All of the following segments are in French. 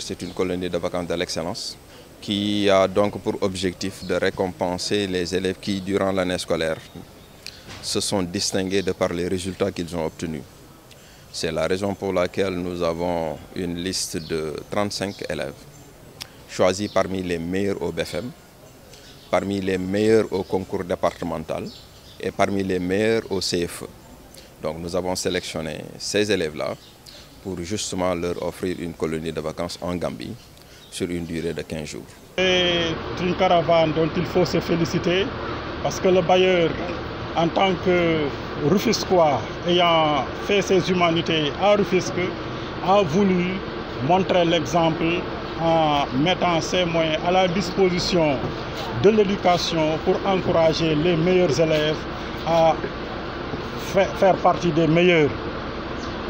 C'est une colonie de vacances de l'excellence qui a donc pour objectif de récompenser les élèves qui, durant l'année scolaire, se sont distingués de par les résultats qu'ils ont obtenus. C'est la raison pour laquelle nous avons une liste de 35 élèves choisis parmi les meilleurs au BFM, parmi les meilleurs au concours départemental, et parmi les meilleurs au CFE. Donc nous avons sélectionné ces élèves-là pour justement leur offrir une colonie de vacances en Gambie sur une durée de 15 jours. C'est une caravane dont il faut se féliciter parce que le bailleur, en tant que Rufisquois ayant fait ses humanités à Rufisque, a voulu montrer l'exemple en mettant ses moyens à la disposition de l'éducation pour encourager les meilleurs élèves à faire partie des meilleurs.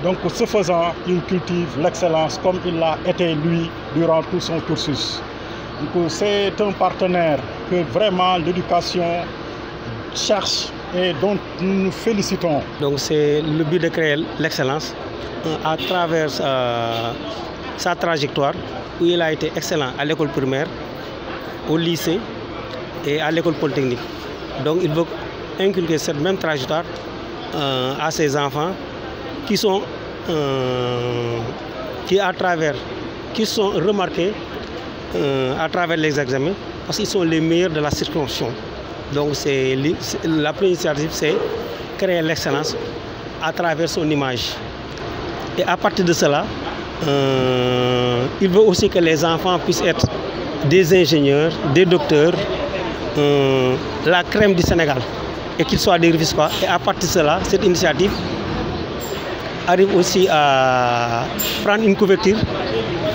Donc, ce faisant, il cultive l'excellence comme il l'a été lui durant tout son cursus. c'est un partenaire que vraiment l'éducation cherche et dont nous nous félicitons. Donc, c'est le but de créer l'excellence euh, à travers euh, sa trajectoire où il a été excellent à l'école primaire, au lycée et à l'école polytechnique. Donc, il veut inculquer cette même trajectoire euh, à ses enfants qui sont euh, qui à travers qui sont remarqués euh, à travers les examens parce qu'ils sont les meilleurs de la circonscription. Donc c'est la première initiative c'est créer l'excellence à travers son image. Et à partir de cela, il veut aussi que les enfants puissent être des ingénieurs, des docteurs, la crème du Sénégal et qu'il soit des Rufisquois. Et à partir de cela, cette initiative arrive aussi à prendre une couverture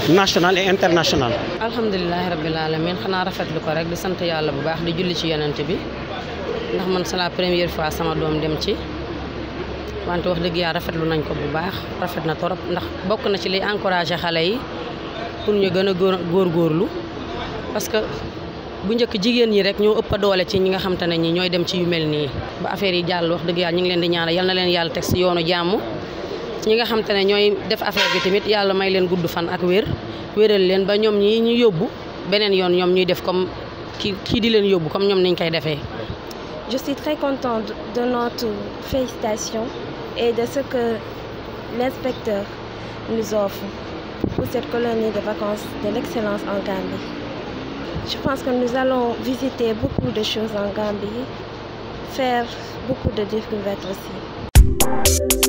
nationale et internationale. Alhamdulillah, rabbil alamin xanaa rafetlu ko rek di sant yàlla bu baax di julli ci yonent bi ndax man c'est la première fois sama dom dem ci wante wax deug ya rafet lu nañ ko bu baax rafet na torop ndax bokk na ci li encourager xalé yi pour ñu gëna gor gorlu parce que bu ñëk jigéen yi rek ñoo ëpp a doole ci ñi nga xam te ne ñooy dem ci yu mel nii ba affaire yi jàll wax dëgg yàlla ñu ngi leen di ñaanal yal na leen yàlla teg si yoonu jàmm ñi nga xam te ñooy def affaire bi tamit yàlla may leen gudd fan ak wér wéral leen ba ñoom ñi ñu yóbbu beneen yoon ñoom ñuy def comme ki kii di leen yóbbu comme ñoom niñ koy defee. Je suis très contente de notre félicitation et de ce que l'inspecteur nous offre pour cette colonie de vacances de l'excellence en Gambie. Je pense que nous allons visiter beaucoup de choses en Gambie, faire beaucoup de découvertes aussi.